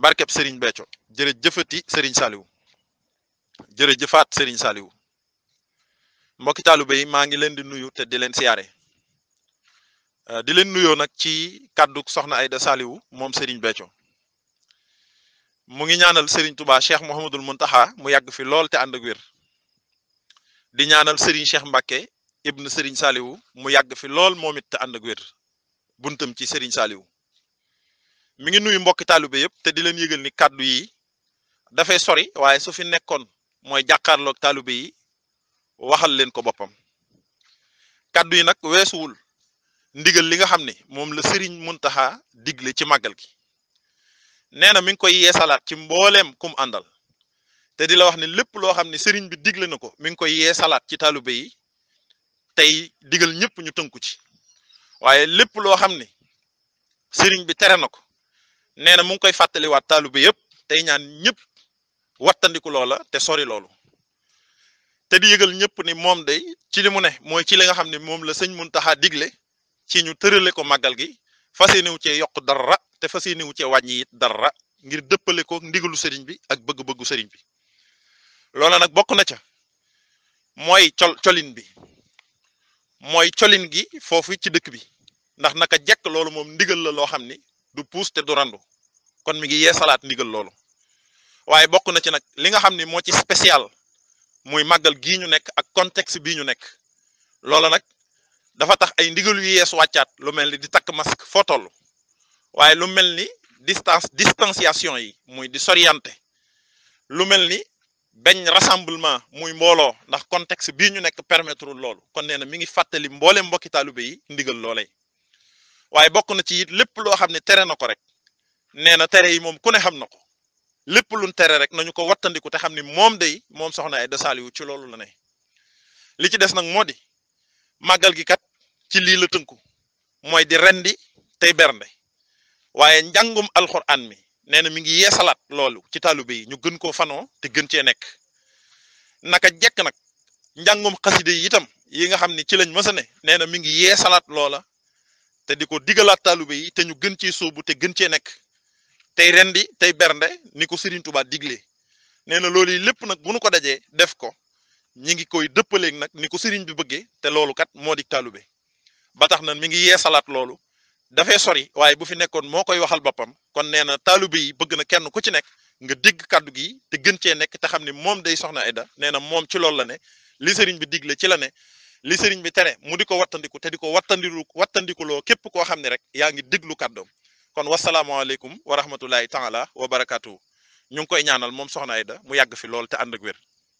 barkeb Serigne Béthio jërëjëfati Serigne Saliou jërëjëfaat Serigne Saliou mbokki taalibe yi maa ngi leen di nuyu te di leen siyaare euh, di leen nuyoo nag ci kàddu soxna Aida Saliou moom Serigne Béthio mu ngi ñaanal Serigne Touba Cheikh Mouhamadul Mountakha mu yàgg fi lool te ànd ak wér di ñaanal Serigne Cheikh Mbacké ibn Serigne Saliou mu yàgg fi lool moom it te ànd ak wér buntam ci Serigne Saliou mi ngi nuyu mbokki taalibe yëpp te di leen yëgal ni kàddu yi dafay sori waaye su fi nekkoon mooy jàkkaarlook taalibe yi waxal leen ko boppam kàddu yi nag weesuwul ndigal li nga xam ne moom la sëriñ Muntaxa digle ci màggal gi nee na mi ngi koy yeesalaat ci mbooleem kum àndal te di la wax ne lépp loo xam ne sëriñ bi digle na ko mi ngi koy yeesalaat ci taalibe yi tey digal ñëpp ñu tënku ci waaye lépp loo xam ne sëriñ bi tere na ko nee na mu ngi koy fàttaliwaat bi yëpp tey ñaan ñëpp wattandiku loola te sori loolu te di yëgal ñëpp ni moom day ci li mu ne mooy ci li nga xam ne moom la sëñ Muntaxa digle ci ñu tërale ko màggal gi fas yéene wu cee yokk darara te fas yéene wu cee wàññi dara ngir dëppale ko ndigalu sëriñ bi ak bëgg-bëggu sëriñ bi loola nag bokk na ca mooy col colin bi mooy colin gi foofu ci dëkk bi ndax naka jekk loolu moom ndigal la loo xam ni du puus te du randu kon mi ngi yeesalaat ndigal loolu waaye bokk na ci nag li nga xam ni moo ci spécial muy màggal gii ñu nekk ak contexte bii ñu nekk loola nag dafa tax ay ndigal yu yees wàccaat lu mel ni di takk masque foo waaye lu mel ni distance distanciation yi muy di s'orienter lu mel ni benn rassemblement muy mbooloo ndax contexte bii ñu nekk permettre loolu kon nee na mi ngi fàttali mboole mbokki taalibe yi ndigal loolay waaye bokk na ci it lépp loo xam ne tere na ko rek nee na tere yi moom ku ne xam na ko lépp lu tere rek nañu ko wattandiku te xam ni moom day moom soxna ay Aida Saliou ci loolu la ne li ci des nag moo di màggal gi kat ci lii la tënku mooy di rendi tey bernde waaye njàngum alxuraan mi nee na mi ngi yeesalaat loolu ci taalibe yi ñu gën koo fanoo te gën cee nekk naka jekk nag njàngum xaside yi itam yi nga xam ni ci lañ mësa ne nee na mi ngi yeesalaat loola te di ko digalaat taalibe yi te ñu gën ci sóobu te gën cee nekk tey rendi tey bernde ni ko Serigne tubaat digle nee na loolu yi lépp nag bu nu ko dajee def ko ñi ngi koy dëppaleeg nag ni ko Serigne bi bëggee te loolu kat moo di taalube ba tax na mi ngi yee salaat loolu dafay sori waaye bu fi nekkoon moo koy waxal boppam kon nee na taalube yi bëgg na kenn ku ci nekk nga dégg kàddu gi te gën cee nekk te xam ne moom day soxna Aida nee na moom ci loolu la ne li Serigne bi digle ci la ne. li sëriñ bi tere mu di ko wattandiku te di ko wattandiku wattandikuloo képp koo xam ne rek yaa ngi déglu kàddoom kon wasalaamaaleykum wa rahmatulahi taala wa barakaatu ñu ngi koy ñaanal moom soxna Aida mu yàgg fi lool te ànd ak wér